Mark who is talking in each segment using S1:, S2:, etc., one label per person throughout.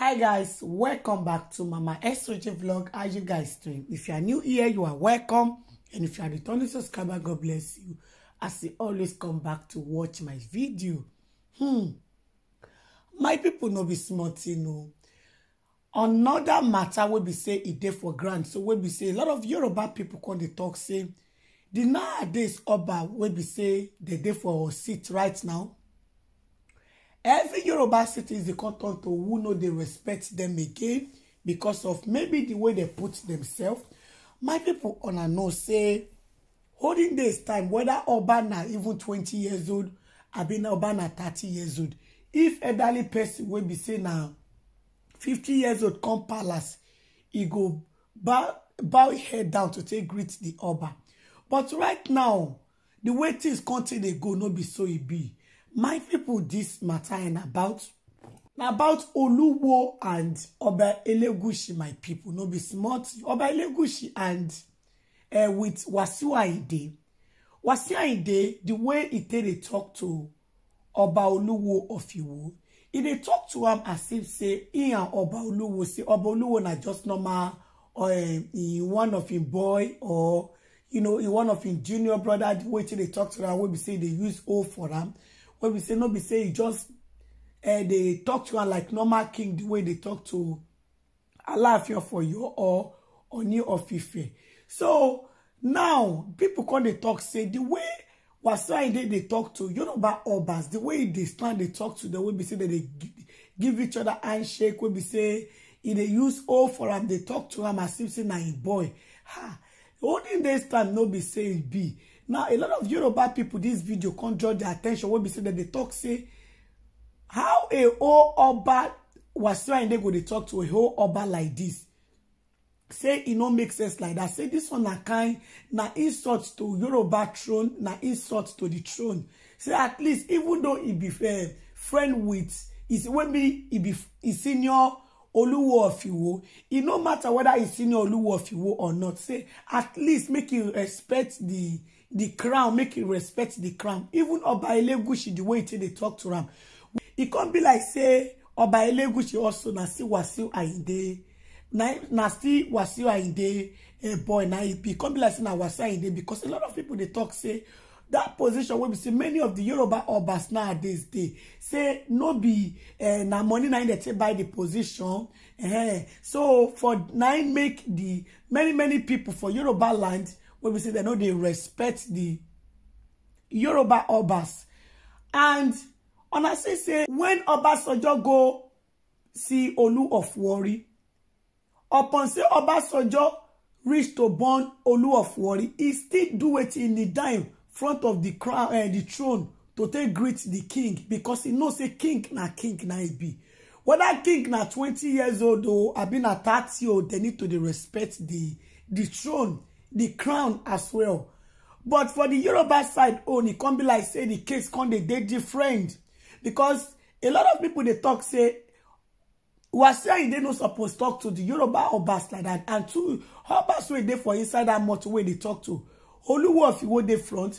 S1: hi guys welcome back to mama soj vlog how you guys doing if you are new here you are welcome and if you are returning subscriber god bless you as you always come back to watch my video hmm my people no be smart, you know. another matter will be say e day for grant, so wey be say a lot of yoruba people come to talk say the nowadays oba will be say dey day for seat right now every yoruba citizen come turn to who know they respect them again because of maybe the way they put themselves my people on una know say holding this time whether oba na even twenty years old I've been oba na thirty years old if elderly person wey be saying now, fifty years old come palace he go bow bow head down to take greet the oba but right now the way things continue dey go no be so it e be my people this matter and about na about oluwo and oba elegushi my people no be small oba elegushi and uh, with wasiu Aide. wasiu Aide, the way e take dey talk to oba oluwo of iwo e dey talk to am as if say he and oba oluwo say oba oluwo na just normal or eh, um, one of him boy or you know e one of him junior brother the way e take dey talk to am wey be say e dey use o for am wey we say no be say e just uh, eh, dey talk to her like normal king the way they talk to alaafin for you or oni or ife so now people come dey talk say the way was why they they talk to you know about obas the way they stand they talk to the way we say dem dey give each other handshake we be say e they use o for am they talk to him as if say na boy ha olden days time no be say e be now a lot of yoruba people, this video come draw their attention wey be say dem dey talk say how a whole oba wasiu ayinde go dey talk to a whole oba like this. say e no make sense like that. say this one na kind na insult to yoruba throne na insult to the throne say at least even though e be eh, friend with e be be senior Oluwo of It no matter whether he's senior Oluwo of or not. Say at least make him respect the the crown, make him respect the crown. Even Oba Elegushi, the way they talk to him. It can't be like say Oba Elegushi also na still Wasiu Ayinde. Na, na still Wasiu Ayinde a boy na It can't be like say na Wasiu Ayinde because a lot of people they talk say that position wey be see many of the yoruba obas nowadays dey say no be eh, na money na im dey take buy the position -huh. so for nine make the many many people for yoruba land wey we say they know they respect the yoruba obas and una say say wen obasanjo go see olu of warri upon say obasanjo reach to born olu of worry, he still do it in the dime front of the crown uh, the throne to take greet the king because he know say king na king na he be whether king na twenty years old o abi na 30 o they need to dey respect the the throne the crown as well but for the yoruba side own e come be like say the case come dey dey different because a lot of people dey talk say Wasiu dey no suppose talk to the Yoruba obas like that and two obas wey dey for inside that motor wey dey talk to Oluwo of Iwo dey front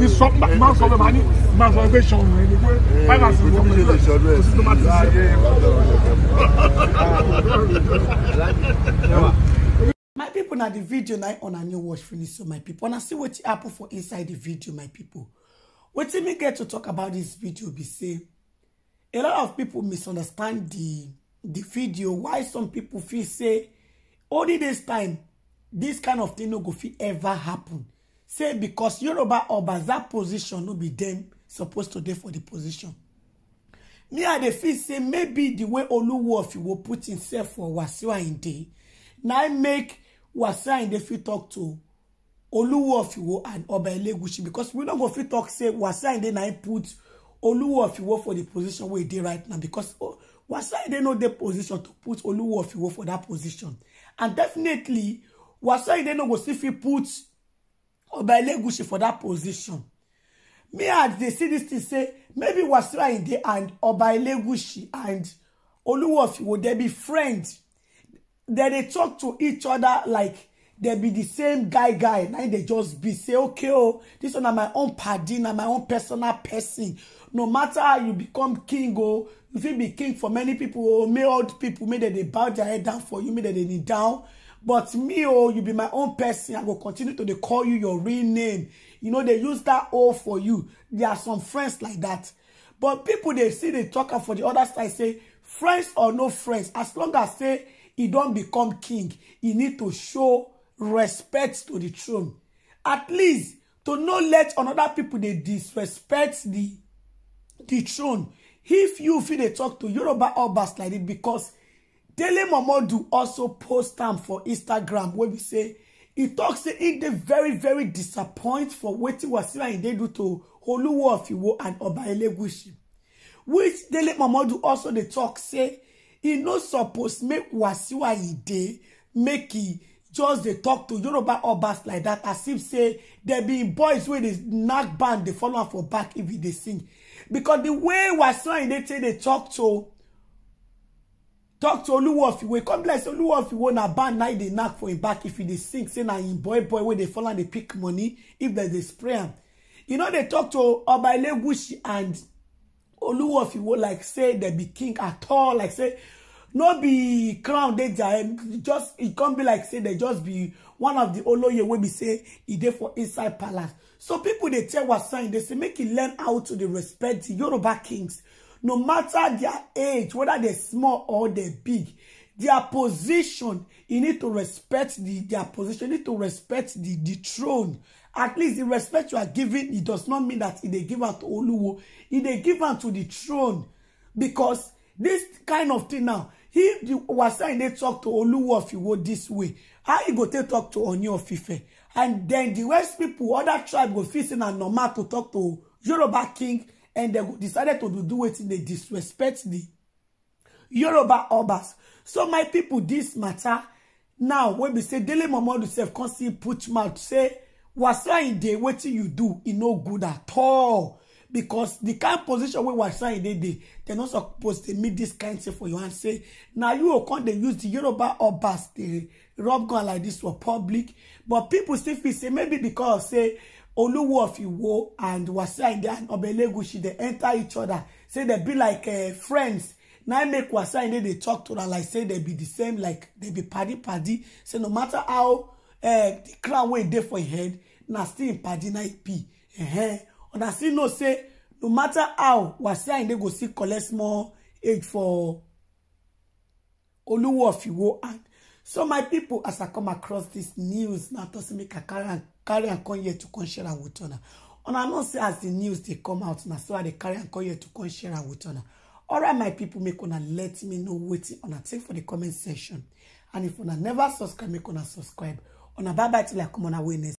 S1: ní sọ máa sọ pé màá ní máa sọ pé sọ òun ẹni pé five and six wọ́n pẹ̀lú ẹ̀ kò sí tó máa ti sẹ́. my people na the video na una new watch finish so my people una see wetin happen for inside the video my people wetin me get to talk about this video be say a lot of people misunderstand the the video why some people feel say only this time this kind of thing no go fit ever happen say becos yoruba obas dat position no be them supposed to there for the position me i the feel say maybe the way oluwo of iwo put himself for wasiwa ayinde na im make wasiwa in the fit talk to oluwo and oba elegushi becos we no go fit talk say wasiwa ayinde na im put oluwo for the position wey e right now becos wasiu ayinde no the position to put oluwo for that position and definitely wasiu ayinde no go see if he puts. Oba Elegushi for that position. Me as they see this thing say maybe Wasiu Ayinde and Oba Elegushi and Oluwofi would they be friends? Then they talk to each other like they be the same guy guy. Now they just be say okay oh this one are my own padi na my own personal person. No matter how you become king oh if you be king for many people oh may old people may they, they bow their head down for you may they, they kneel down but me oh you be my own person i go continue to dey call you your real name you know they use that o for you there are some friends like that but people they see they talk am for the other side say friends or no friends as long as say he don't become king he need to show respect to the throne at least to not let another people they disrespect the the throne if you feel they talk to yoruba obas like it because Dele do also post am for Instagram where we say e talks. say e dey very very disappoint for what he was saying. They do to Oluwo of Iwo and Oba Elegushi which Dele do also dey talk say he no supposed make Wasiu Ayinde make he just they talk to Yoruba obas like that as if say there be boys wey dey knack band dey follow am for back if e dey sing because the way Wasiu Ayinde take dey tok to Talk to dr oluwofiwe come bless oluwofiwe na band na e dey knack for him back if he dey sing say na him boy boy wey dey follow am dey pick money if dem dey spray am e no dey talk to oba elegushi and oluwofiwe like say dem be king at all like say no be crown dey dia head just e come be like say dem just be one of the oloye wey be say e dey for inside palace so people dey tell wasan they dey say make e learn how to dey respect di yoruba kings no matter their age, whether they're small or they're big, their position, you need to respect the, their position, you need to respect the, the throne. At least the respect you are giving, it does not mean that they give out to Oluwo. If they give out to the throne, because this kind of thing now, if the Wasa they talk to Oluwo of Iwo this way, how you go take talk to Oni of Ife? And then the West people, other tribe go feel say normal to talk to Yoruba king and they decided to do it. They disrespect the yoruba obas so my people, this matter now wey be say dele momodu sef come see put mouth say in dey What you do e no good at all because the kind position we wey wasan dey dey dem not supposed to meet this kind thing for you and say now you go come dey use the yoruba obas the rub gun like this for public but people still feel say maybe because say Oluwo of Iwo and Wasiu Ayinde and Obelegushi dey enter each other say dem be like uh, friends na make Wasiu Ayinde dey talk to her like say dem be the same like dem be padi padi say no matter how uh, the crown wey e dey for im head na still im padi na im e be huh una still know say no matter how Wasiu Ayinde go still collect small age for Oluwo of Iwo and so my people, as i come across this news na to say make i carry and carry am come here to come share am with una una know say as the news they come out na so i dey carry and come here to come share am with una alright my people, make una let me know wetin una take for the comment section and if una never subscribe make una subscribe una bye bye till i come on